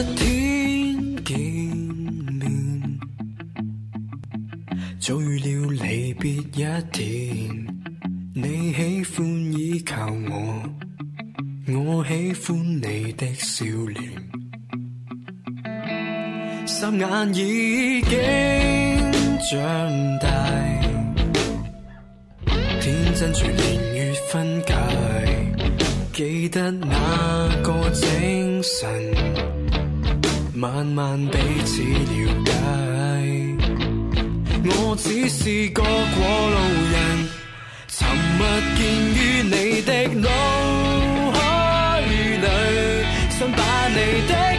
一天見面，早預料離別一天。你喜歡依靠我，我喜歡你的笑臉。心眼已經長大，天真隨年月分解。記得那個精神。慢慢彼此了解，我只是個過路人，沉默見於你的腦海裡，想把你的。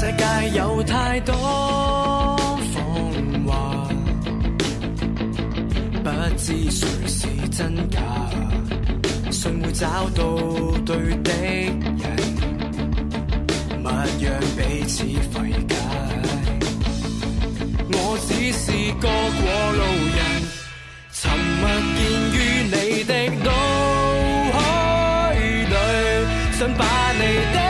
世界有太多謊話，不知誰是真假，誰會找到對的人，勿讓彼此費解。我只是個過路人，沉默見於你的腦海裡，想把你的。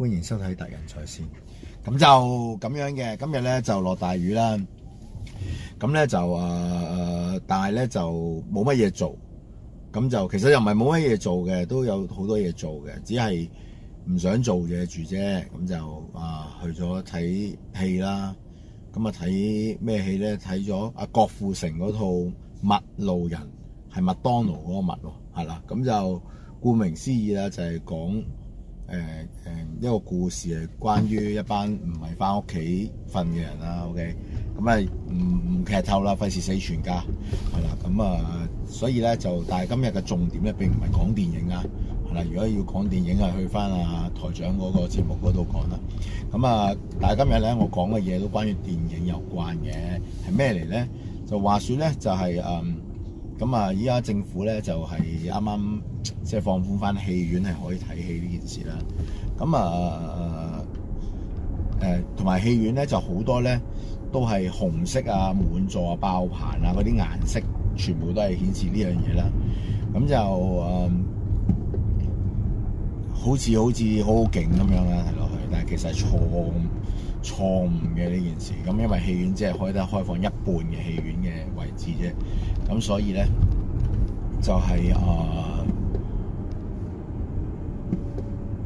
歡迎收睇《達仁在線》。咁就咁樣嘅，今日咧就落大雨啦。咁咧就誒、呃，但係咧就冇乜嘢做。咁就其實又唔係冇乜嘢做嘅，都有好多嘢做嘅，只係唔想做嘢住啫。咁就啊、呃，去咗睇戲啦。咁啊，睇咩戲咧？睇咗阿郭富城嗰套《麥路人》，係麥當勞嗰個麥喎，係啦。咁就顧名思義啦，就係講。誒誒一個故事係關於一班唔係返屋企瞓嘅人啦，OK，咁啊唔唔劇透啦，費事死全家，係啦，咁啊所以咧就但係今日嘅重點咧並唔係講電影啊，係啦，如果要講電影係去返啊，台長嗰個節目嗰度講啦，咁啊但係今日咧我講嘅嘢都關於電影有關嘅，係咩嚟咧？就話說咧就係、是、誒。嗯。咁啊！依家政府咧就係啱啱即係放寬翻戲院係可以睇戲呢件事啦。咁啊誒，呃、同埋戲院咧就好多咧，都係紅色啊、滿座啊、爆棚啊嗰啲顏色，全部都係顯示呢樣嘢啦。咁就誒、呃，好似好似好好勁咁樣啦睇落去，但係其實係錯。錯誤嘅呢件事，咁因為戲院只係開得開放一半嘅戲院嘅位置啫，咁所以咧就係、是、啊、呃、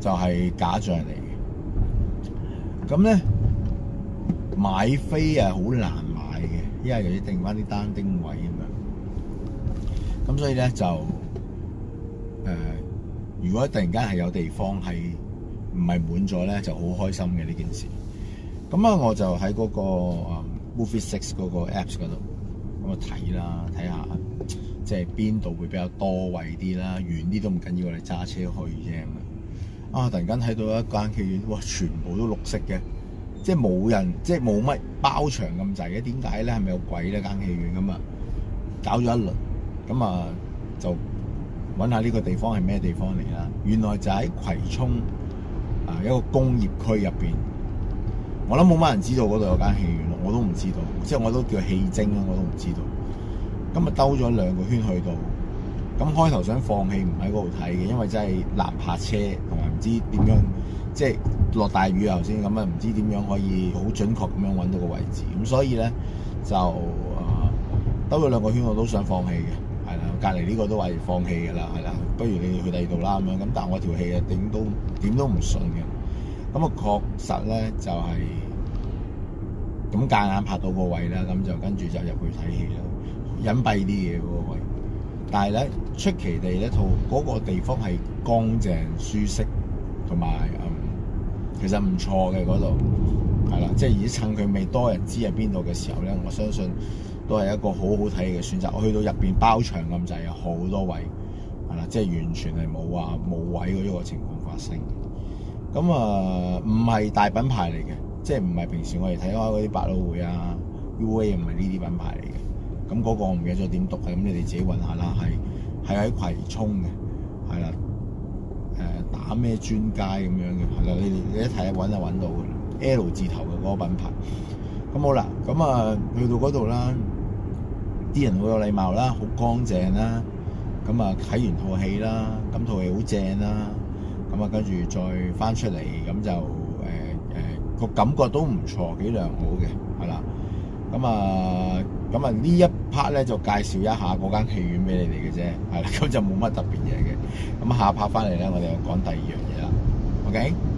就係、是、假象嚟嘅。咁咧買飛啊，好難買嘅，因為又要訂返啲單丁位咁樣。咁所以咧就誒、呃，如果突然間係有地方係唔係滿咗咧，就好開心嘅呢件事。咁啊，我就喺嗰個啊 Movie Six 嗰個 Apps 嗰度咁啊睇啦，睇下即係邊度會比較多位啲啦，遠啲都唔緊要，我哋揸車去啫咁啊！突然間睇到一間戲院，哇，全部都綠色嘅，即係冇人，即係冇乜包場咁滯嘅，點解咧？係咪有鬼呢間戲院咁啊，搞咗一輪，咁啊就揾下呢個地方係咩地方嚟啦？原來就喺葵涌啊，一個工業區入邊。我諗冇乜人知道嗰度有間戲院，我都唔知道，即係我都叫戲精咯，我都唔知道。咁咪兜咗兩個圈去到，咁開頭想放棄唔喺嗰度睇嘅，因為真係難泊車同埋唔知點樣，即係落大雨頭先咁啊，唔知點樣可以好準確咁樣揾到個位置。咁所以咧就兜咗兩個圈，我都想放棄嘅，係啦，隔離呢個都話放棄嘅啦，係啦，不如你去第二度啦咁樣。咁但係我條戲啊，點都點都唔順嘅。咁啊，確實咧就係咁夾硬拍到個位啦，咁就跟住就入去睇戲咯。隱蔽啲嘢個位，但係咧出奇地咧套嗰個地方係乾淨、舒適同埋嗯，其實唔錯嘅，嗰度係啦，即係而家趁佢未多人知喺邊度嘅時候咧，我相信都係一個好好睇嘅選擇。我去到入邊包場咁滯有好多位係啦，即係完全係冇話冇位嘅一個情況發生。咁啊，唔係、呃、大品牌嚟嘅，即係唔係平時我哋睇開嗰啲百老匯啊、UA 唔係呢啲品牌嚟嘅。咁嗰個我唔記得咗點讀嘅，咁你哋自己揾下啦。係係喺葵涌嘅，係啦，誒、呃、打咩專街咁樣嘅，係啦，你你一睇一揾就揾到嘅。L 字頭嘅嗰個品牌。咁好啦，咁啊去到嗰度啦，啲人好有禮貌啦，好乾淨啦，咁啊睇完套戲啦，咁套戲好正啦。咁啊，跟住再翻出嚟，咁就誒誒個感覺都唔錯，幾良好嘅，係啦。咁啊，咁、呃、啊呢一 part 咧就介紹一下嗰間戲院俾你哋嘅啫，係啦，咁就冇乜特別嘢嘅。咁下一 part 翻嚟咧，我哋就講第二樣嘢啦，OK？